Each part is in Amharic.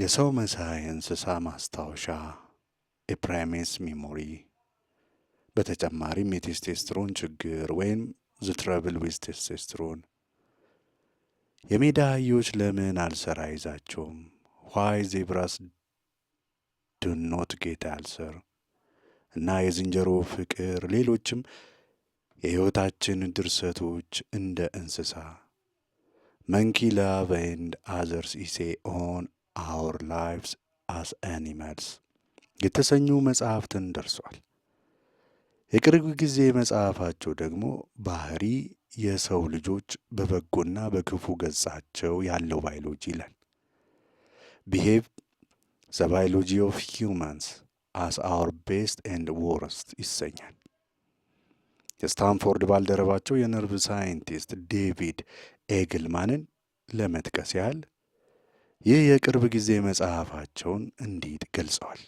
የሰው መሳይ እንስሳ ማስታወሻ የፕራይሜስ ሚሞሪ በተጨማሪም የቴስቴስትሮን ችግር ወይም ዝትረብል ዊዝ ቴስቴስትሮን የሜዳ አህዮች ለምን አልሰራ ይዛቸውም ዋይ ዜብራስ ድኖት ጌታ አልሰር እና የዝንጀሮ ፍቅር ሌሎችም የሕይወታችን ድርሰቶች እንደ እንስሳ መንኪ ላቭ ኤንድ አዘርስ ኢሴ ኦን አወር ላይቭስ አስ አኒማልስ የተሰኙ መጽሐፍትን ደርሷል። የቅርብ ጊዜ መጽሐፋቸው ደግሞ ባህሪ የሰው ልጆች በበጎና በክፉ ገጻቸው ያለው ባዮሎጂ ይላል። ቢሄቭ ዘ ባዮሎጂ ኦፍ ሂውማንስ አስ አወር ቤስት ኤንድ ወርስት ይሰኛል። የስታንፎርድ ባልደረባቸው የነርቭ ሳይንቲስት ዴቪድ ኤግልማንን ለመጥቀስ ያህል ይህ የቅርብ ጊዜ መጽሐፋቸውን እንዲህ ገልጸዋል።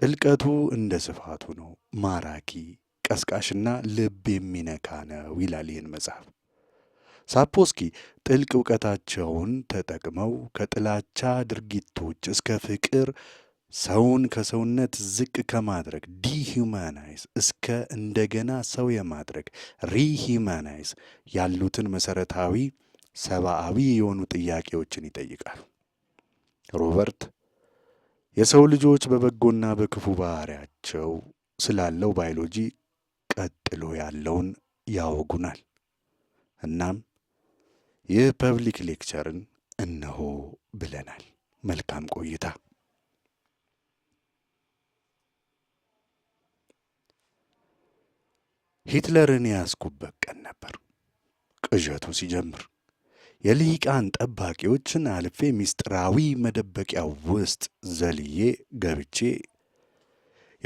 ጥልቀቱ እንደ ስፋቱ ነው፣ ማራኪ ቀስቃሽና ልብ የሚነካ ነው ይላል ይህን መጽሐፍ። ሳፖስኪ ጥልቅ እውቀታቸውን ተጠቅመው ከጥላቻ ድርጊቶች እስከ ፍቅር ሰውን ከሰውነት ዝቅ ከማድረግ ዲሂማናይዝ እስከ እንደገና ሰው የማድረግ ሪሂማናይዝ ያሉትን መሰረታዊ ሰብአዊ የሆኑ ጥያቄዎችን ይጠይቃል። ሮበርት የሰው ልጆች በበጎና በክፉ ባህሪያቸው ስላለው ባዮሎጂ ቀጥሎ ያለውን ያወጉናል። እናም ይህ ፐብሊክ ሌክቸርን እነሆ ብለናል። መልካም ቆይታ። ሂትለርን ያዝኩበት ቀን ነበር ቅዠቱ ሲጀምር። የልሂቃን ጠባቂዎችን አልፌ ሚስጥራዊ መደበቂያ ውስጥ ዘልዬ ገብቼ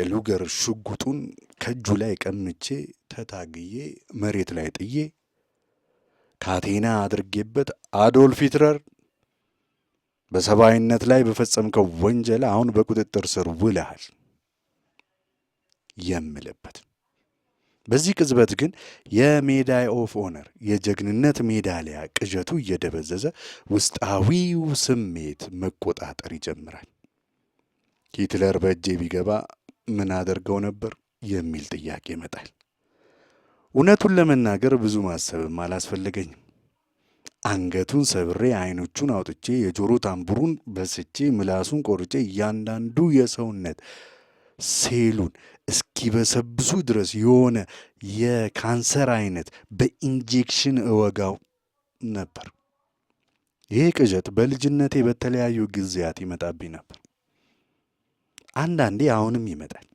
የሉገር ሽጉጡን ከእጁ ላይ ቀምቼ ተታግዬ መሬት ላይ ጥዬ ካቴና አድርጌበት አዶልፍ ሂትለር በሰብአዊነት ላይ በፈጸምከው ወንጀል አሁን በቁጥጥር ስር ውልሃል የምልበት በዚህ ቅጽበት ግን የሜዳይ ኦፍ ኦነር የጀግንነት ሜዳሊያ ቅዠቱ እየደበዘዘ ውስጣዊው ስሜት መቆጣጠር ይጀምራል። ሂትለር በእጄ ቢገባ ምን አደርገው ነበር የሚል ጥያቄ ይመጣል። እውነቱን ለመናገር ብዙ ማሰብም አላስፈለገኝም። አንገቱን ሰብሬ አይኖቹን አውጥቼ የጆሮ ታምቡሩን በስቼ ምላሱን ቆርጬ እያንዳንዱ የሰውነት ሴሉን እስኪበሰብሱ ድረስ የሆነ የካንሰር አይነት በኢንጀክሽን እወጋው ነበር። ይህ ቅዠት በልጅነቴ በተለያዩ ጊዜያት ይመጣብኝ ነበር። አንዳንዴ አሁንም ይመጣል።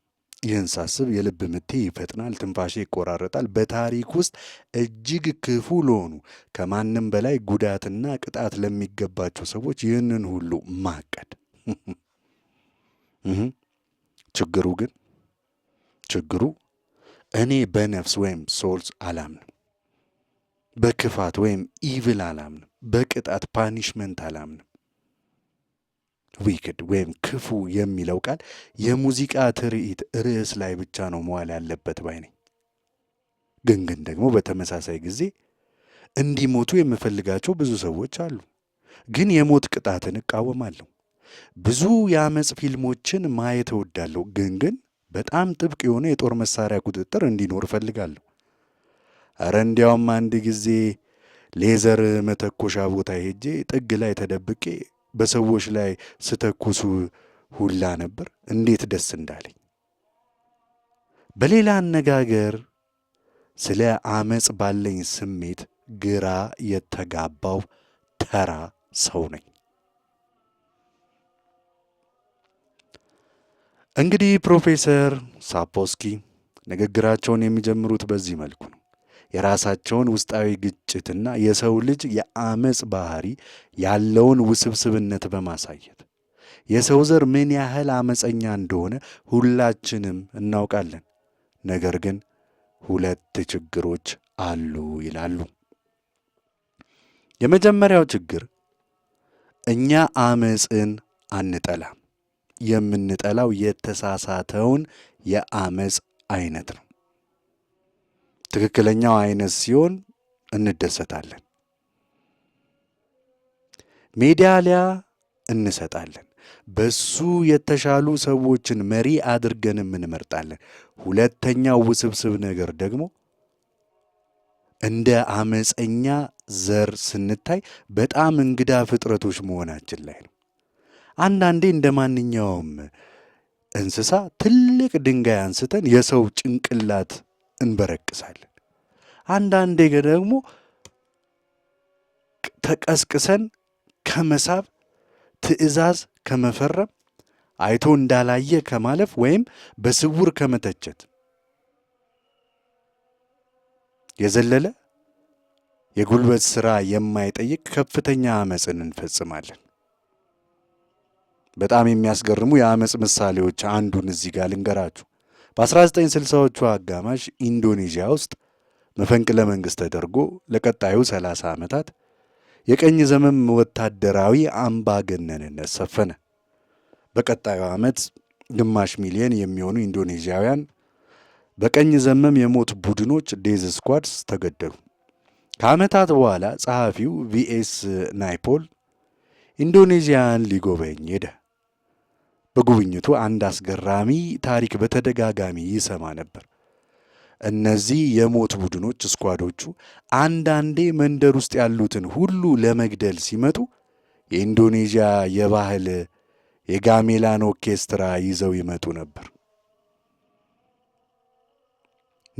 ይህን ሳስብ የልብ ምቴ ይፈጥናል፣ ትንፋሼ ይቆራረጣል። በታሪክ ውስጥ እጅግ ክፉ ለሆኑ ከማንም በላይ ጉዳትና ቅጣት ለሚገባቸው ሰዎች ይህንን ሁሉ ማቀድ ችግሩ ግን ችግሩ እኔ በነፍስ ወይም ሶልስ አላምንም፣ በክፋት ወይም ኢቪል አላምንም፣ በቅጣት ፓኒሽመንት አላምንም። ዊክድ ወይም ክፉ የሚለው ቃል የሙዚቃ ትርኢት ርዕስ ላይ ብቻ ነው መዋል ያለበት ባይ ነኝ። ግን ግን ደግሞ በተመሳሳይ ጊዜ እንዲሞቱ የምፈልጋቸው ብዙ ሰዎች አሉ፣ ግን የሞት ቅጣትን እቃወማለሁ። ብዙ የአመፅ ፊልሞችን ማየት እወዳለሁ። ግን ግን በጣም ጥብቅ የሆነ የጦር መሳሪያ ቁጥጥር እንዲኖር እፈልጋለሁ። እረ እንዲያውም አንድ ጊዜ ሌዘር መተኮሻ ቦታ ሄጄ ጥግ ላይ ተደብቄ በሰዎች ላይ ስተኩሱ ሁላ ነበር። እንዴት ደስ እንዳለኝ! በሌላ አነጋገር ስለ አመፅ ባለኝ ስሜት ግራ የተጋባው ተራ ሰው ነኝ። እንግዲህ ፕሮፌሰር ሳፖስኪ ንግግራቸውን የሚጀምሩት በዚህ መልኩ ነው። የራሳቸውን ውስጣዊ ግጭትና የሰው ልጅ የአመፅ ባህሪ ያለውን ውስብስብነት በማሳየት የሰው ዘር ምን ያህል አመፀኛ እንደሆነ ሁላችንም እናውቃለን። ነገር ግን ሁለት ችግሮች አሉ ይላሉ። የመጀመሪያው ችግር እኛ አመፅን አንጠላም። የምንጠላው የተሳሳተውን የአመፅ አይነት ነው። ትክክለኛው አይነት ሲሆን እንደሰታለን፣ ሜዳሊያ እንሰጣለን። በሱ የተሻሉ ሰዎችን መሪ አድርገንም እንመርጣለን። ሁለተኛው ውስብስብ ነገር ደግሞ እንደ አመፀኛ ዘር ስንታይ በጣም እንግዳ ፍጥረቶች መሆናችን ላይ ነው። አንዳንዴ እንደ ማንኛውም እንስሳ ትልቅ ድንጋይ አንስተን የሰው ጭንቅላት እንበረቅሳለን። አንዳንዴ ደግሞ ተቀስቅሰን ከመሳብ ትዕዛዝ ከመፈረም አይቶ እንዳላየ ከማለፍ ወይም በስውር ከመተቸት የዘለለ የጉልበት ሥራ የማይጠይቅ ከፍተኛ ዓመፅን እንፈጽማለን። በጣም የሚያስገርሙ የአመፅ ምሳሌዎች አንዱን እዚህ ጋር ልንገራችሁ። በ1960ዎቹ አጋማሽ ኢንዶኔዥያ ውስጥ መፈንቅለ መንግሥት ተደርጎ ለቀጣዩ 30 ዓመታት የቀኝ ዘመም ወታደራዊ አምባገነንነት ሰፈነ። በቀጣዩ ዓመት ግማሽ ሚሊዮን የሚሆኑ ኢንዶኔዥያውያን በቀኝ ዘመም የሞት ቡድኖች ዴዝ ስኳድስ ተገደሉ። ከዓመታት በኋላ ጸሐፊው ቪኤስ ናይፖል ኢንዶኔዥያን ሊጎበኝ ሄደ። በጉብኝቱ አንድ አስገራሚ ታሪክ በተደጋጋሚ ይሰማ ነበር። እነዚህ የሞት ቡድኖች ስኳዶቹ አንዳንዴ መንደር ውስጥ ያሉትን ሁሉ ለመግደል ሲመጡ የኢንዶኔዥያ የባህል የጋሜላን ኦርኬስትራ ይዘው ይመጡ ነበር።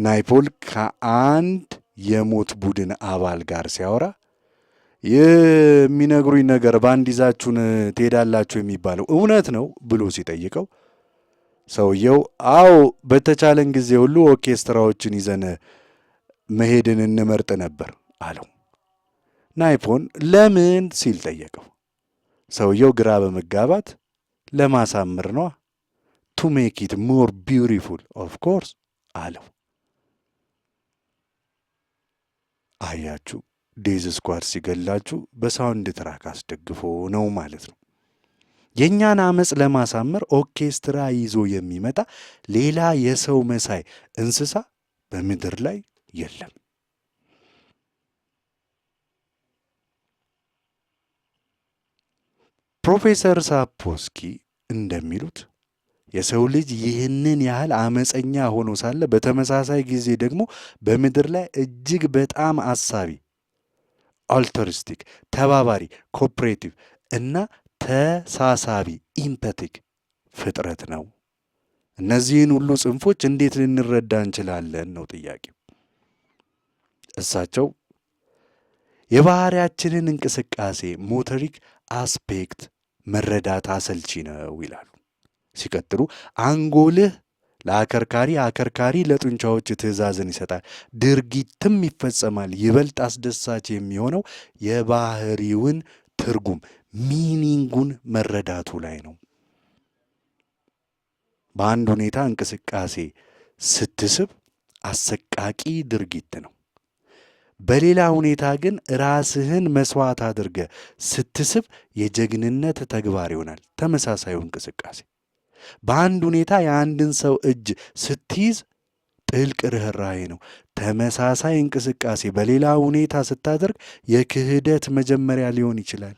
ናይፖል ከአንድ የሞት ቡድን አባል ጋር ሲያወራ የሚነግሩኝ ነገር ባንድ ይዛችሁን ትሄዳላችሁ የሚባለው እውነት ነው ብሎ ሲጠይቀው ሰውየው አዎ በተቻለን ጊዜ ሁሉ ኦርኬስትራዎችን ይዘን መሄድን እንመርጥ ነበር አለው። ናይፖን ለምን ሲል ጠየቀው። ሰውየው ግራ በመጋባት ለማሳምር ነዋ፣ ቱ ሜክ ኢት ሞር ቢውቲፉል ኦፍ ኮርስ አለው። አያችሁ ዴዝ ስኳድ ሲገላችሁ በሳውንድ ትራክ አስደግፎ ነው ማለት ነው። የእኛን አመፅ ለማሳመር ኦርኬስትራ ይዞ የሚመጣ ሌላ የሰው መሳይ እንስሳ በምድር ላይ የለም። ፕሮፌሰር ሳፖስኪ እንደሚሉት የሰው ልጅ ይህንን ያህል አመፀኛ ሆኖ ሳለ በተመሳሳይ ጊዜ ደግሞ በምድር ላይ እጅግ በጣም አሳቢ አልተሪስቲክ፣ ተባባሪ ኮፕሬቲቭ እና ተሳሳቢ ኢምፐቲክ ፍጥረት ነው። እነዚህን ሁሉ ጽንፎች እንዴት ልንረዳ እንችላለን ነው ጥያቄው። እሳቸው የባህሪያችንን እንቅስቃሴ ሞተሪክ አስፔክት መረዳት አሰልቺ ነው ይላሉ። ሲቀጥሉ አንጎልህ ለአከርካሪ አከርካሪ ለጡንቻዎች ትእዛዝን ይሰጣል፣ ድርጊትም ይፈጸማል። ይበልጥ አስደሳች የሚሆነው የባህሪውን ትርጉም ሚኒንጉን መረዳቱ ላይ ነው። በአንድ ሁኔታ እንቅስቃሴ ስትስብ አሰቃቂ ድርጊት ነው። በሌላ ሁኔታ ግን ራስህን መስዋዕት አድርገ ስትስብ የጀግንነት ተግባር ይሆናል። ተመሳሳዩ እንቅስቃሴ በአንድ ሁኔታ የአንድን ሰው እጅ ስትይዝ ጥልቅ ርኅራኄ ነው። ተመሳሳይ እንቅስቃሴ በሌላ ሁኔታ ስታደርግ የክህደት መጀመሪያ ሊሆን ይችላል።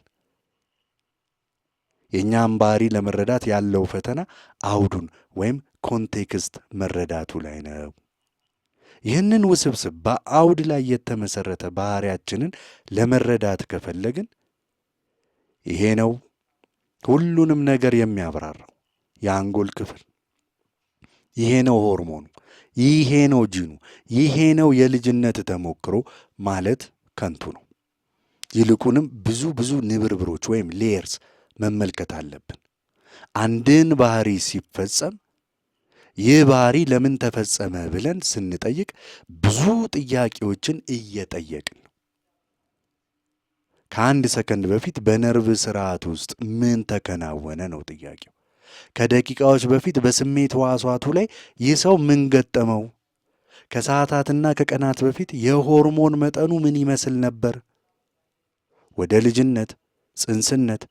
የእኛም ባህሪ ለመረዳት ያለው ፈተና አውዱን ወይም ኮንቴክስት መረዳቱ ላይ ነው። ይህንን ውስብስብ በአውድ ላይ የተመሰረተ ባህሪያችንን ለመረዳት ከፈለግን ይሄ ነው ሁሉንም ነገር የሚያብራራው። የአንጎል ክፍል። ይሄ ነው ሆርሞኑ፣ ይሄ ነው ጂኑ፣ ይሄ ነው የልጅነት ተሞክሮ ማለት ከንቱ ነው። ይልቁንም ብዙ ብዙ ንብርብሮች ወይም ሌየርስ መመልከት አለብን። አንድን ባህሪ ሲፈጸም ይህ ባህሪ ለምን ተፈጸመ ብለን ስንጠይቅ ብዙ ጥያቄዎችን እየጠየቅን ነው። ከአንድ ሰከንድ በፊት በነርቭ ስርዓት ውስጥ ምን ተከናወነ ነው ጥያቄው። ከደቂቃዎች በፊት በስሜት ሕዋሳቱ ላይ ይህ ሰው ምን ገጠመው? ከሰዓታትና ከቀናት በፊት የሆርሞን መጠኑ ምን ይመስል ነበር? ወደ ልጅነት፣ ጽንስነት፣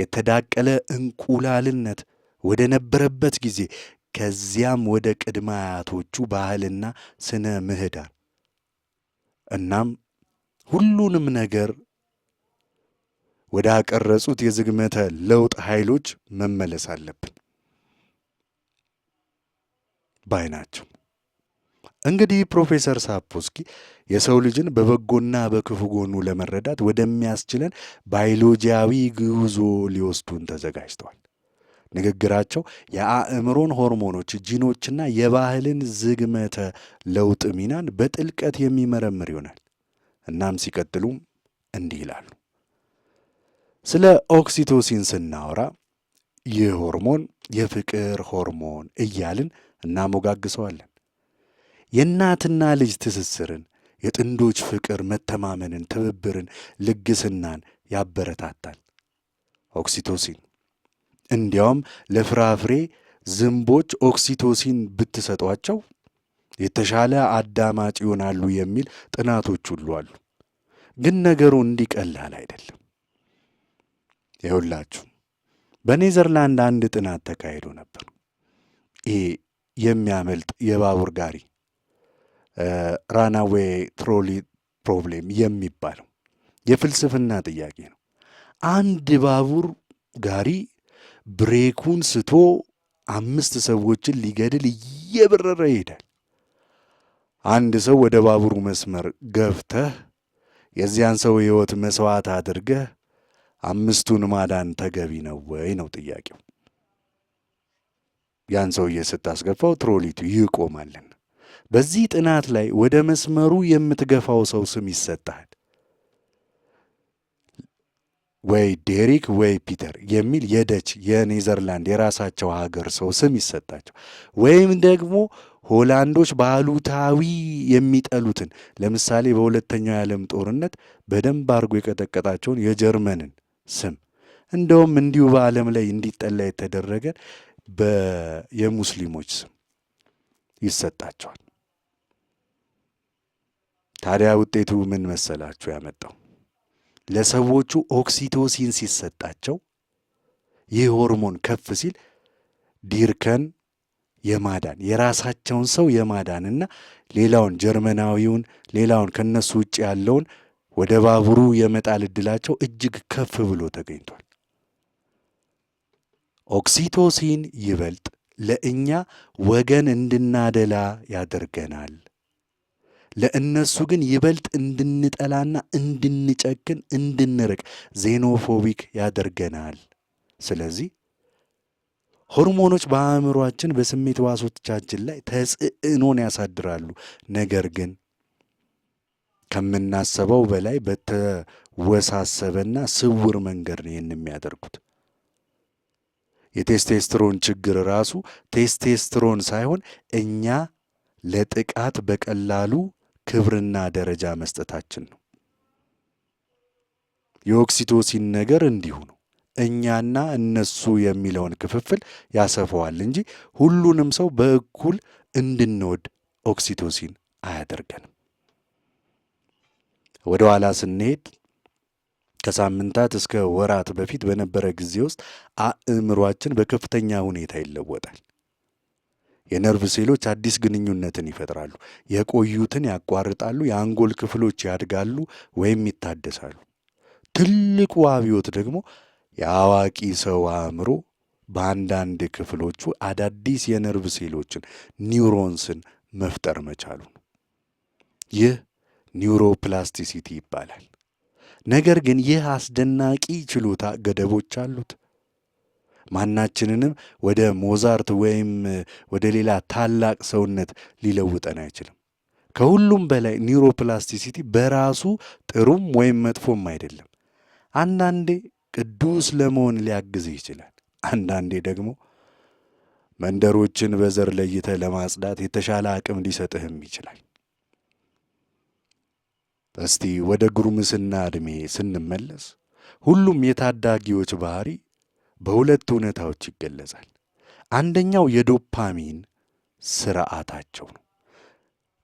የተዳቀለ እንቁላልነት ወደ ነበረበት ጊዜ ከዚያም ወደ ቅድመ አያቶቹ ባህልና ስነ ምህዳር እናም ሁሉንም ነገር ወደ አቀረጹት የዝግመተ ለውጥ ኃይሎች መመለስ አለብን ባይ ናቸው። እንግዲህ ፕሮፌሰር ሳፖስኪ የሰው ልጅን በበጎና በክፉ ጎኑ ለመረዳት ወደሚያስችለን ባዮሎጂያዊ ጉዞ ሊወስዱን ተዘጋጅተዋል። ንግግራቸው የአእምሮን ሆርሞኖች፣ ጂኖችና የባህልን ዝግመተ ለውጥ ሚናን በጥልቀት የሚመረምር ይሆናል። እናም ሲቀጥሉም እንዲህ ይላሉ። ስለ ኦክሲቶሲን ስናወራ ይህ ሆርሞን የፍቅር ሆርሞን እያልን እናሞጋግሰዋለን። የእናትና ልጅ ትስስርን፣ የጥንዶች ፍቅር መተማመንን፣ ትብብርን፣ ልግስናን ያበረታታል። ኦክሲቶሲን እንዲያውም ለፍራፍሬ ዝንቦች ኦክሲቶሲን ብትሰጧቸው የተሻለ አዳማጭ ይሆናሉ የሚል ጥናቶች ሁሉ አሉ። ግን ነገሩ እንዲህ ቀላል አይደለም። ይሁላችሁ። በኔዘርላንድ አንድ ጥናት ተካሂዶ ነበር። ይሄ የሚያመልጥ የባቡር ጋሪ ራናዌ ትሮሊ ፕሮብሌም የሚባለው የፍልስፍና ጥያቄ ነው። አንድ ባቡር ጋሪ ብሬኩን ስቶ አምስት ሰዎችን ሊገድል እየበረረ ይሄዳል። አንድ ሰው ወደ ባቡሩ መስመር ገብተህ የዚያን ሰው ሕይወት መስዋዕት አድርገህ አምስቱን ማዳን ተገቢ ነው ወይ ነው ጥያቄው። ያን ሰውዬ ስታስገፋው ትሮሊቱ ይቆማልን። በዚህ ጥናት ላይ ወደ መስመሩ የምትገፋው ሰው ስም ይሰጣል። ወይ ዴሪክ ወይ ፒተር የሚል የደች የኔዘርላንድ የራሳቸው ሀገር ሰው ስም ይሰጣቸው፣ ወይም ደግሞ ሆላንዶች ባሉታዊ የሚጠሉትን ለምሳሌ በሁለተኛው የዓለም ጦርነት በደንብ አድርጎ የቀጠቀጣቸውን የጀርመንን ስም እንደውም እንዲሁ በዓለም ላይ እንዲጠላ የተደረገ የሙስሊሞች ስም ይሰጣቸዋል። ታዲያ ውጤቱ ምን መሰላችሁ ያመጣው? ለሰዎቹ ኦክሲቶሲን ሲሰጣቸው ይህ ሆርሞን ከፍ ሲል ዲርከን የማዳን የራሳቸውን ሰው የማዳንና ሌላውን ጀርመናዊውን ሌላውን ከነሱ ውጭ ያለውን ወደ ባቡሩ የመጣል እድላቸው እጅግ ከፍ ብሎ ተገኝቷል። ኦክሲቶሲን ይበልጥ ለእኛ ወገን እንድናደላ ያደርገናል። ለእነሱ ግን ይበልጥ እንድንጠላና እንድንጨክን፣ እንድንርቅ ዜኖፎቢክ ያደርገናል። ስለዚህ ሆርሞኖች በአእምሯችን፣ በስሜት ዋሶቻችን ላይ ተጽዕኖን ያሳድራሉ። ነገር ግን ከምናስበው በላይ በተወሳሰበና ስውር መንገድ ነው ይህን የሚያደርጉት። የቴስቴስትሮን ችግር ራሱ ቴስቴስትሮን ሳይሆን እኛ ለጥቃት በቀላሉ ክብርና ደረጃ መስጠታችን ነው። የኦክሲቶሲን ነገር እንዲሁ ነው። እኛና እነሱ የሚለውን ክፍፍል ያሰፈዋል እንጂ ሁሉንም ሰው በእኩል እንድንወድ ኦክሲቶሲን አያደርገንም። ወደ ኋላ ስንሄድ ከሳምንታት እስከ ወራት በፊት በነበረ ጊዜ ውስጥ አእምሯችን በከፍተኛ ሁኔታ ይለወጣል። የነርቭ ሴሎች አዲስ ግንኙነትን ይፈጥራሉ፣ የቆዩትን ያቋርጣሉ፣ የአንጎል ክፍሎች ያድጋሉ ወይም ይታደሳሉ። ትልቁ አብዮት ደግሞ የአዋቂ ሰው አእምሮ በአንዳንድ ክፍሎቹ አዳዲስ የነርቭ ሴሎችን ኒውሮንስን መፍጠር መቻሉ ነው። ይህ ኒውሮፕላስቲሲቲ ይባላል። ነገር ግን ይህ አስደናቂ ችሎታ ገደቦች አሉት። ማናችንንም ወደ ሞዛርት ወይም ወደ ሌላ ታላቅ ሰውነት ሊለውጠን አይችልም። ከሁሉም በላይ ኒውሮፕላስቲሲቲ በራሱ ጥሩም ወይም መጥፎም አይደለም። አንዳንዴ ቅዱስ ለመሆን ሊያግዝ ይችላል። አንዳንዴ ደግሞ መንደሮችን በዘር ለይተ ለማጽዳት የተሻለ አቅም ሊሰጥህም ይችላል። እስቲ ወደ ጉርምስና ዕድሜ ስንመለስ ሁሉም የታዳጊዎች ባህሪ በሁለት እውነታዎች ይገለጻል። አንደኛው የዶፓሚን ስርዓታቸው ነው።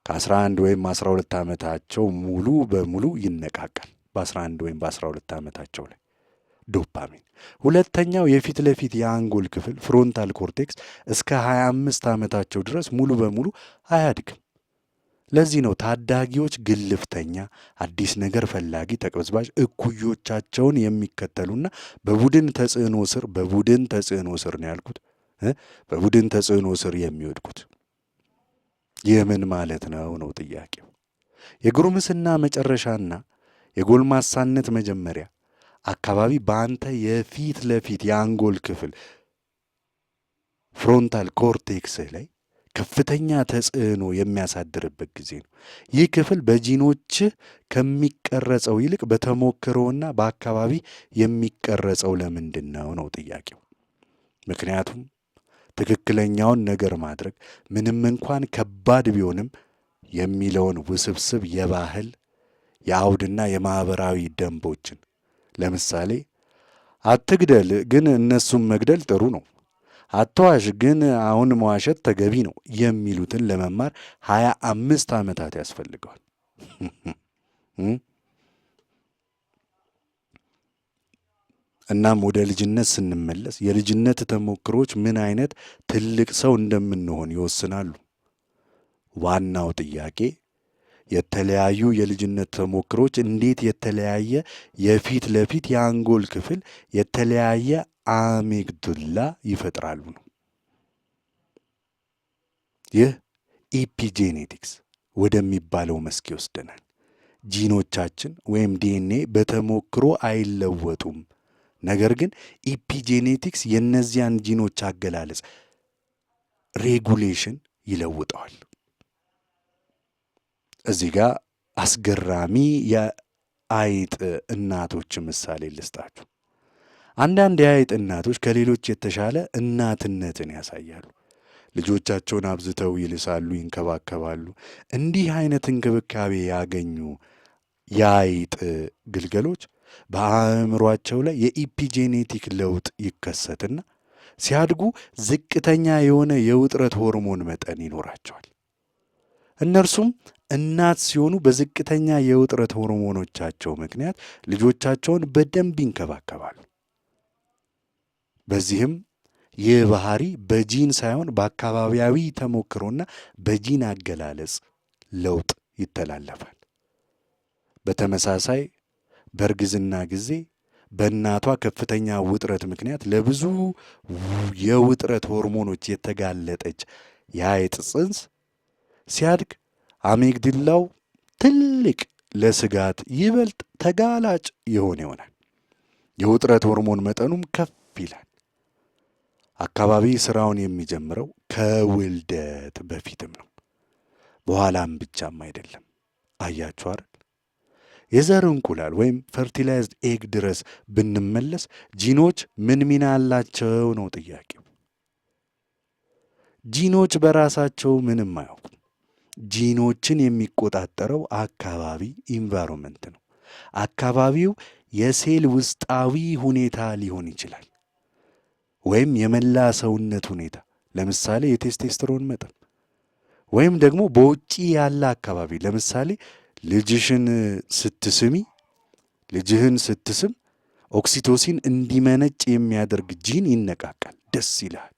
ከ11 ወይም 12 ዓመታቸው ሙሉ በሙሉ ይነቃቃል። በ11 ወይም በ12 ዓመታቸው ላይ ዶፓሚን። ሁለተኛው የፊት ለፊት የአንጎል ክፍል ፍሮንታል ኮርቴክስ እስከ 25 ዓመታቸው ድረስ ሙሉ በሙሉ አያድግም። ለዚህ ነው ታዳጊዎች ግልፍተኛ፣ አዲስ ነገር ፈላጊ፣ ተቅበዝባዥ፣ እኩዮቻቸውን የሚከተሉና በቡድን ተጽዕኖ ስር በቡድን ተጽዕኖ ስር ነው ያልኩት በቡድን ተጽዕኖ ስር የሚወድቁት። የምን ማለት ነው ነው ጥያቄው። የጉርምስና መጨረሻና የጎልማሳነት መጀመሪያ አካባቢ በአንተ የፊት ለፊት የአንጎል ክፍል ፍሮንታል ኮርቴክስህ ላይ ከፍተኛ ተጽዕኖ የሚያሳድርበት ጊዜ ነው። ይህ ክፍል በጂኖች ከሚቀረጸው ይልቅ በተሞክሮና በአካባቢ የሚቀረጸው ለምንድን ነው ነው ጥያቄው። ምክንያቱም ትክክለኛውን ነገር ማድረግ ምንም እንኳን ከባድ ቢሆንም የሚለውን ውስብስብ የባህል የአውድና የማኅበራዊ ደንቦችን ለምሳሌ አትግደል፣ ግን እነሱን መግደል ጥሩ ነው አትዋሽ፣ ግን አሁን መዋሸት ተገቢ ነው የሚሉትን ለመማር ሀያ አምስት ዓመታት ያስፈልገዋል። እናም ወደ ልጅነት ስንመለስ የልጅነት ተሞክሮች ምን አይነት ትልቅ ሰው እንደምንሆን ይወስናሉ። ዋናው ጥያቄ የተለያዩ የልጅነት ተሞክሮች እንዴት የተለያየ የፊት ለፊት የአንጎል ክፍል የተለያየ አሚግዱላ ይፈጥራሉ ነው። ይህ ኢፒጄኔቲክስ ወደሚባለው መስክ ይወስደናል። ጂኖቻችን ወይም ዲኤንኤ በተሞክሮ አይለወጡም። ነገር ግን ኢፒጄኔቲክስ የእነዚያን ጂኖች አገላለጽ ሬጉሌሽን ይለውጠዋል። እዚህ ጋር አስገራሚ የአይጥ እናቶች ምሳሌ ልስጣችሁ። አንዳንድ የአይጥ እናቶች ከሌሎች የተሻለ እናትነትን ያሳያሉ። ልጆቻቸውን አብዝተው ይልሳሉ፣ ይንከባከባሉ። እንዲህ አይነት እንክብካቤ ያገኙ የአይጥ ግልገሎች በአእምሯቸው ላይ የኢፒጄኔቲክ ለውጥ ይከሰትና ሲያድጉ ዝቅተኛ የሆነ የውጥረት ሆርሞን መጠን ይኖራቸዋል። እነርሱም እናት ሲሆኑ በዝቅተኛ የውጥረት ሆርሞኖቻቸው ምክንያት ልጆቻቸውን በደንብ ይንከባከባሉ። በዚህም ይህ ባህሪ በጂን ሳይሆን በአካባቢያዊ ተሞክሮና በጂን አገላለጽ ለውጥ ይተላለፋል። በተመሳሳይ በእርግዝና ጊዜ በእናቷ ከፍተኛ ውጥረት ምክንያት ለብዙ የውጥረት ሆርሞኖች የተጋለጠች የአይጥ ጽንስ ሲያድግ አሜግድላው ትልቅ ለስጋት ይበልጥ ተጋላጭ ይሆን ይሆናል። የውጥረት ሆርሞን መጠኑም ከፍ ይላል። አካባቢ ስራውን የሚጀምረው ከውልደት በፊትም ነው፣ በኋላም ብቻም አይደለም። አያችሁ አይደል? የዘር እንቁላል ወይም ፈርቲላይዝድ ኤግ ድረስ ብንመለስ ጂኖች ምን ሚና አላቸው ነው ጥያቄው። ጂኖች በራሳቸው ምንም አያውቁም። ጂኖችን የሚቆጣጠረው አካባቢ ኢንቫይሮንመንት ነው። አካባቢው የሴል ውስጣዊ ሁኔታ ሊሆን ይችላል። ወይም የመላ ሰውነት ሁኔታ ለምሳሌ የቴስቴስትሮን መጠን ወይም ደግሞ በውጪ ያለ አካባቢ ለምሳሌ ልጅሽን ስትስሚ ልጅህን ስትስም ኦክሲቶሲን እንዲመነጭ የሚያደርግ ጂን ይነቃቃል። ደስ ይልሃል።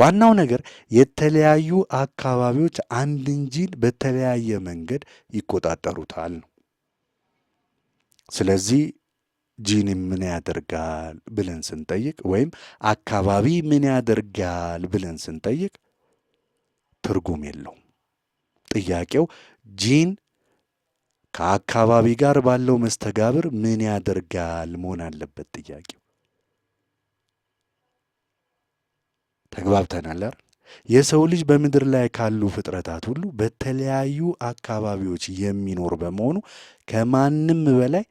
ዋናው ነገር የተለያዩ አካባቢዎች አንድን ጂን በተለያየ መንገድ ይቆጣጠሩታል ነው። ስለዚህ ጂን ምን ያደርጋል ብለን ስንጠይቅ ወይም አካባቢ ምን ያደርጋል ብለን ስንጠይቅ ትርጉም የለውም። ጥያቄው ጂን ከአካባቢ ጋር ባለው መስተጋብር ምን ያደርጋል መሆን አለበት። ጥያቄው ተግባብተናል። የሰው ልጅ በምድር ላይ ካሉ ፍጥረታት ሁሉ በተለያዩ አካባቢዎች የሚኖር በመሆኑ ከማንም በላይ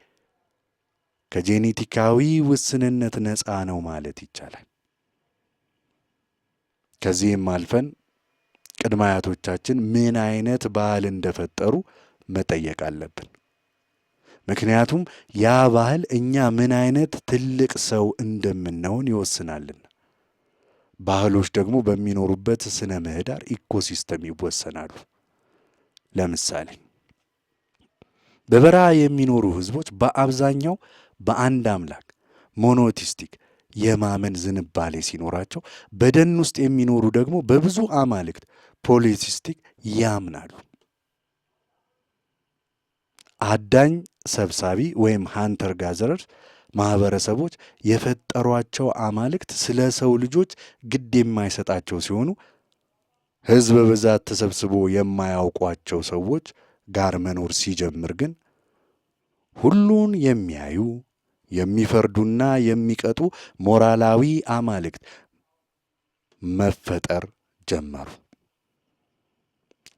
ከጄኔቲካዊ ውስንነት ነፃ ነው ማለት ይቻላል። ከዚህም አልፈን ቅድመ አያቶቻችን ምን አይነት ባህል እንደፈጠሩ መጠየቅ አለብን። ምክንያቱም ያ ባህል እኛ ምን አይነት ትልቅ ሰው እንደምንሆን ይወስናልና። ባህሎች ደግሞ በሚኖሩበት ስነ ምህዳር ኢኮሲስተም ይወሰናሉ። ለምሳሌ በበረሃ የሚኖሩ ህዝቦች በአብዛኛው በአንድ አምላክ ሞኖቲስቲክ የማመን ዝንባሌ ሲኖራቸው፣ በደን ውስጥ የሚኖሩ ደግሞ በብዙ አማልክት ፖሊቲስቲክ ያምናሉ። አዳኝ ሰብሳቢ ወይም ሃንተር ጋዘረር ማህበረሰቦች የፈጠሯቸው አማልክት ስለ ሰው ልጆች ግድ የማይሰጣቸው ሲሆኑ ህዝብ በብዛት ተሰብስቦ የማያውቋቸው ሰዎች ጋር መኖር ሲጀምር ግን ሁሉን የሚያዩ የሚፈርዱና የሚቀጡ ሞራላዊ አማልክት መፈጠር ጀመሩ።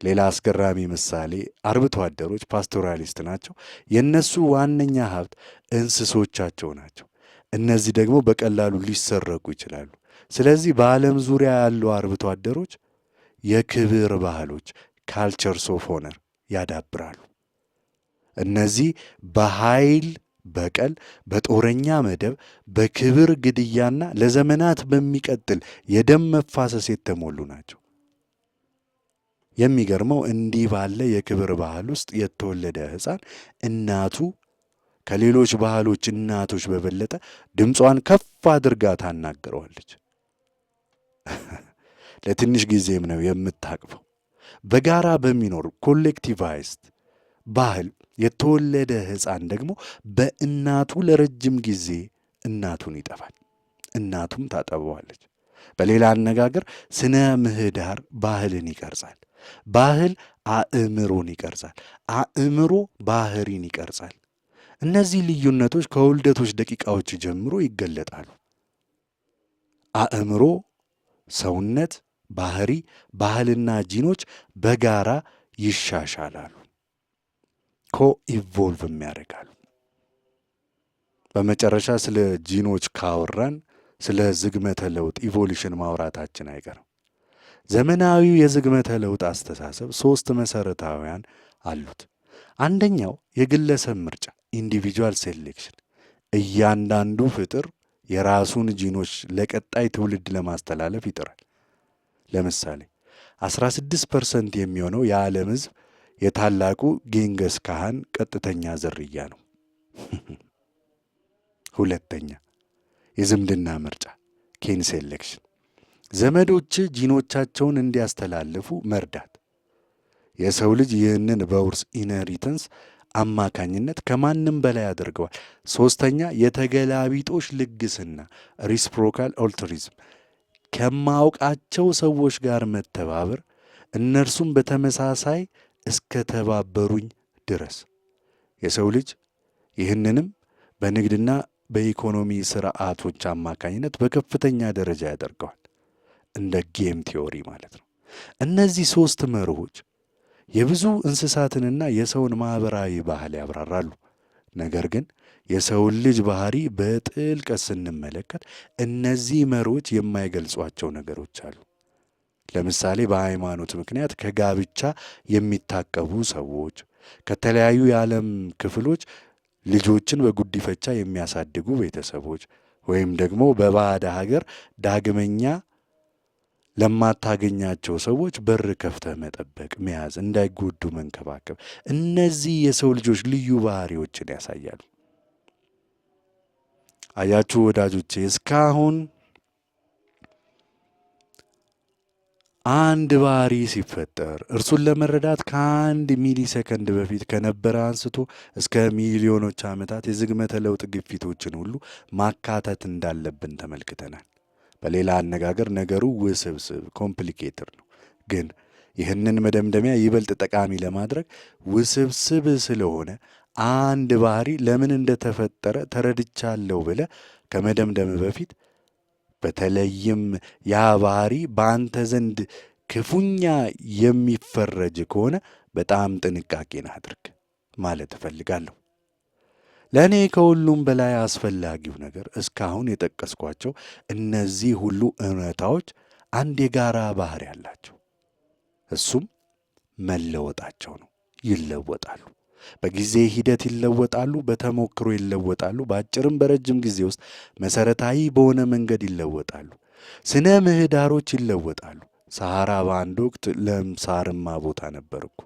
ሌላ አስገራሚ ምሳሌ አርብቶ አደሮች ፓስቶራሊስት ናቸው። የእነሱ ዋነኛ ሀብት እንስሶቻቸው ናቸው። እነዚህ ደግሞ በቀላሉ ሊሰረቁ ይችላሉ። ስለዚህ በዓለም ዙሪያ ያሉ አርብቶ አደሮች የክብር ባህሎች ካልቸርስ ኦፍ ሆነር ያዳብራሉ። እነዚህ በኃይል በቀል፣ በጦረኛ መደብ፣ በክብር ግድያና ለዘመናት በሚቀጥል የደም መፋሰስ የተሞሉ ናቸው። የሚገርመው እንዲህ ባለ የክብር ባህል ውስጥ የተወለደ ሕፃን እናቱ ከሌሎች ባህሎች እናቶች በበለጠ ድምጿን ከፍ አድርጋ ታናግረዋለች። ለትንሽ ጊዜም ነው የምታቅፈው። በጋራ በሚኖር ኮሌክቲቫይዝድ ባህል የተወለደ ሕፃን ደግሞ በእናቱ ለረጅም ጊዜ እናቱን ይጠፋል፣ እናቱም ታጠበዋለች። በሌላ አነጋገር ስነ ምህዳር ባህልን ይቀርጻል። ባህል አእምሮን ይቀርጻል። አእምሮ ባህሪን ይቀርጻል። እነዚህ ልዩነቶች ከውልደቶች ደቂቃዎች ጀምሮ ይገለጣሉ። አእምሮ፣ ሰውነት፣ ባህሪ፣ ባህልና ጂኖች በጋራ ይሻሻላሉ፣ ኮኢቮልቭም ያደርጋሉ። በመጨረሻ ስለ ጂኖች ካወራን ስለ ዝግመተ ለውጥ ኢቮሉሽን ማውራታችን አይቀርም። ዘመናዊው የዝግመተ ለውጥ አስተሳሰብ ሶስት መሰረታውያን አሉት። አንደኛው የግለሰብ ምርጫ ኢንዲቪጁዋል ሴሌክሽን፣ እያንዳንዱ ፍጥር የራሱን ጂኖች ለቀጣይ ትውልድ ለማስተላለፍ ይጥራል። ለምሳሌ 16 ፐርሰንት የሚሆነው የዓለም ሕዝብ የታላቁ ጌንገስ ካህን ቀጥተኛ ዝርያ ነው። ሁለተኛ የዝምድና ምርጫ ኬን ሴሌክሽን፣ ዘመዶች ጂኖቻቸውን እንዲያስተላልፉ መርዳት። የሰው ልጅ ይህንን በውርስ ኢነሪተንስ አማካኝነት ከማንም በላይ አድርገዋል። ሶስተኛ የተገላቢጦሽ ልግስና ሪስፕሮካል ኦልትሪዝም ከማውቃቸው ሰዎች ጋር መተባበር እነርሱም በተመሳሳይ እስከ ተባበሩኝ ድረስ የሰው ልጅ ይህንንም በንግድና በኢኮኖሚ ስርዓቶች አማካኝነት በከፍተኛ ደረጃ ያደርገዋል። እንደ ጌም ቲዮሪ ማለት ነው። እነዚህ ሦስት መርሆች የብዙ እንስሳትንና የሰውን ማኅበራዊ ባህል ያብራራሉ። ነገር ግን የሰውን ልጅ ባህሪ በጥልቀት ስንመለከት እነዚህ መሪዎች የማይገልጿቸው ነገሮች አሉ። ለምሳሌ በሃይማኖት ምክንያት ከጋብቻ የሚታቀቡ ሰዎች፣ ከተለያዩ የዓለም ክፍሎች ልጆችን በጉዲፈቻ የሚያሳድጉ ቤተሰቦች ወይም ደግሞ በባዕድ ሀገር ዳግመኛ ለማታገኛቸው ሰዎች በር ከፍተህ መጠበቅ፣ መያዝ፣ እንዳይጎዱ መንከባከብ፣ እነዚህ የሰው ልጆች ልዩ ባህሪዎችን ያሳያሉ። አያችሁ ወዳጆቼ እስካሁን አንድ ባህሪ ሲፈጠር እርሱን ለመረዳት ከአንድ ሚሊ ሰከንድ በፊት ከነበረ አንስቶ እስከ ሚሊዮኖች ዓመታት የዝግመተ ለውጥ ግፊቶችን ሁሉ ማካተት እንዳለብን ተመልክተናል። በሌላ አነጋገር ነገሩ ውስብስብ ኮምፕሊኬትር ነው። ግን ይህንን መደምደሚያ ይበልጥ ጠቃሚ ለማድረግ ውስብስብ ስለሆነ አንድ ባህሪ ለምን እንደተፈጠረ ተረድቻለሁ ብለ ከመደምደም በፊት በተለይም ያ ባህሪ በአንተ ዘንድ ክፉኛ የሚፈረጅ ከሆነ በጣም ጥንቃቄን አድርግ ማለት እፈልጋለሁ። ለእኔ ከሁሉም በላይ አስፈላጊው ነገር እስካሁን የጠቀስኳቸው እነዚህ ሁሉ እውነታዎች አንድ የጋራ ባህሪ አላቸው። እሱም መለወጣቸው ነው። ይለወጣሉ። በጊዜ ሂደት ይለወጣሉ፣ በተሞክሮ ይለወጣሉ፣ በአጭርም በረጅም ጊዜ ውስጥ መሰረታዊ በሆነ መንገድ ይለወጣሉ። ስነ ምህዳሮች ይለወጣሉ። ሰሐራ በአንድ ወቅት ለም ሳርማ ቦታ ነበርኩ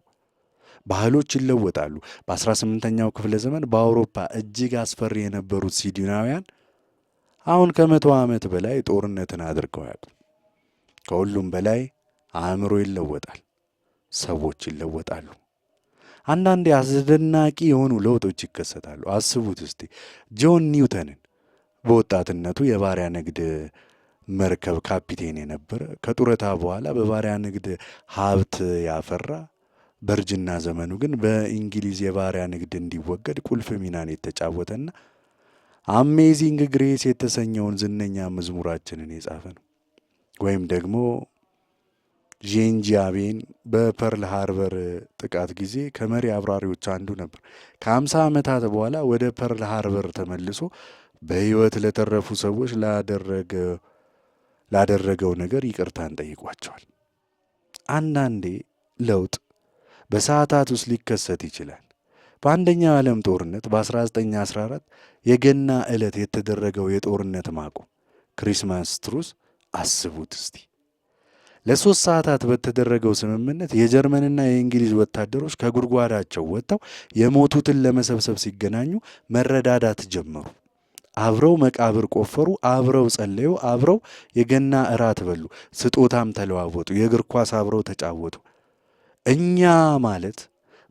ባህሎች ይለወጣሉ። በ18ኛው ክፍለ ዘመን በአውሮፓ እጅግ አስፈሪ የነበሩት ሲዲናውያን አሁን ከመቶ ዓመት በላይ ጦርነትን አድርገዋል። ከሁሉም በላይ አእምሮ ይለወጣል። ሰዎች ይለወጣሉ። አንዳንዴ አስደናቂ የሆኑ ለውጦች ይከሰታሉ። አስቡት እስቲ ጆን ኒውተንን በወጣትነቱ የባሪያ ንግድ መርከብ ካፒቴን የነበረ ከጡረታ በኋላ በባሪያ ንግድ ሀብት ያፈራ በእርጅና ዘመኑ ግን በእንግሊዝ የባሪያ ንግድ እንዲወገድ ቁልፍ ሚናን የተጫወተና አሜዚንግ ግሬስ የተሰኘውን ዝነኛ መዝሙራችንን የጻፈ ነው ወይም ደግሞ ዤንጂያቤን በፐርል ሃርበር ጥቃት ጊዜ ከመሪ አብራሪዎች አንዱ ነበር። ከ50 ዓመታት በኋላ ወደ ፐርል ሃርበር ተመልሶ በህይወት ለተረፉ ሰዎች ላደረገው ነገር ይቅርታን ጠይቋቸዋል። አንዳንዴ ለውጥ በሰዓታት ውስጥ ሊከሰት ይችላል። በአንደኛው ዓለም ጦርነት በ1914 የገና ዕለት የተደረገው የጦርነት ማቆም ክሪስማስ ትሩስ አስቡት እስቲ ለሶስት ሰዓታት በተደረገው ስምምነት የጀርመንና የእንግሊዝ ወታደሮች ከጉድጓዳቸው ወጥተው የሞቱትን ለመሰብሰብ ሲገናኙ መረዳዳት ጀመሩ። አብረው መቃብር ቆፈሩ፣ አብረው ጸለዩ፣ አብረው የገና እራት በሉ፣ ስጦታም ተለዋወጡ፣ የእግር ኳስ አብረው ተጫወቱ። እኛ ማለት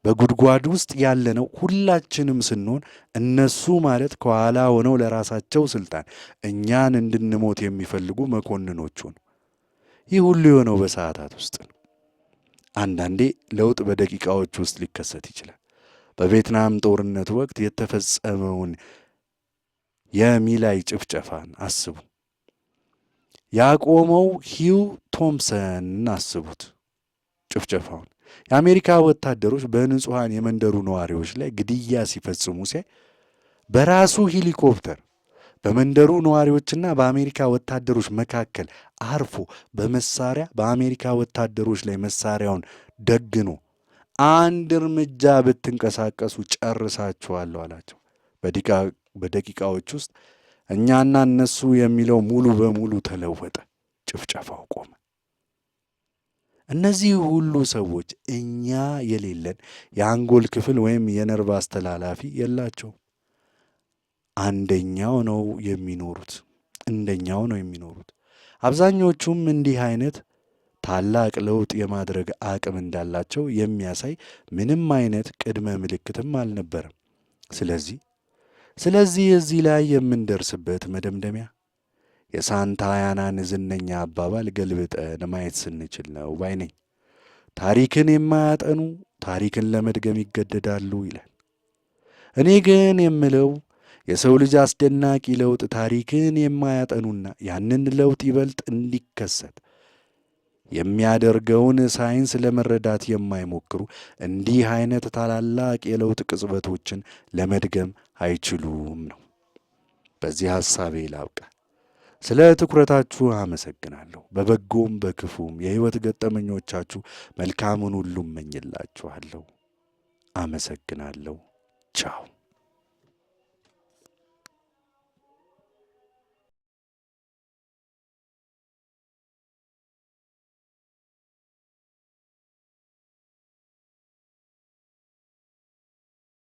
በጉድጓድ ውስጥ ያለነው ሁላችንም ስንሆን እነሱ ማለት ከኋላ ሆነው ለራሳቸው ስልጣን እኛን እንድንሞት የሚፈልጉ መኮንኖቹን ይህ ሁሉ የሆነው በሰዓታት ውስጥ ነው። አንዳንዴ ለውጥ በደቂቃዎች ውስጥ ሊከሰት ይችላል። በቬትናም ጦርነት ወቅት የተፈጸመውን የሚላይ ጭፍጨፋን አስቡ። ያቆመው ሂው ቶምሰንን አስቡት ጭፍጨፋውን። የአሜሪካ ወታደሮች በንጹሐን የመንደሩ ነዋሪዎች ላይ ግድያ ሲፈጽሙ ሲያይ በራሱ ሄሊኮፕተር በመንደሩ ነዋሪዎችና በአሜሪካ ወታደሮች መካከል አርፎ በመሳሪያ በአሜሪካ ወታደሮች ላይ መሳሪያውን ደግኖ አንድ እርምጃ ብትንቀሳቀሱ ጨርሳችኋለሁ አላቸው። በደቂቃዎች ውስጥ እኛና እነሱ የሚለው ሙሉ በሙሉ ተለወጠ። ጭፍጨፋው ቆመ። እነዚህ ሁሉ ሰዎች እኛ የሌለን የአንጎል ክፍል ወይም የነርቭ አስተላላፊ የላቸውም። አንደኛው ነው የሚኖሩት እንደኛው ነው የሚኖሩት። አብዛኞቹም እንዲህ አይነት ታላቅ ለውጥ የማድረግ አቅም እንዳላቸው የሚያሳይ ምንም አይነት ቅድመ ምልክትም አልነበረም። ስለዚህ ስለዚህ እዚህ ላይ የምንደርስበት መደምደሚያ የሳንታያናን ዝነኛ አባባል ገልብጠን ማየት ስንችል ነው ባይ ነኝ። ታሪክን የማያጠኑ ታሪክን ለመድገም ይገደዳሉ ይላል። እኔ ግን የምለው የሰው ልጅ አስደናቂ ለውጥ ታሪክን የማያጠኑና ያንን ለውጥ ይበልጥ እንዲከሰት የሚያደርገውን ሳይንስ ለመረዳት የማይሞክሩ እንዲህ አይነት ታላላቅ የለውጥ ቅጽበቶችን ለመድገም አይችሉም ነው። በዚህ ሐሳቤ ላብቃ። ስለ ትኩረታችሁ አመሰግናለሁ። በበጎም በክፉም የሕይወት ገጠመኞቻችሁ መልካምን ሁሉ እመኝላችኋለሁ። አመሰግናለሁ። ቻው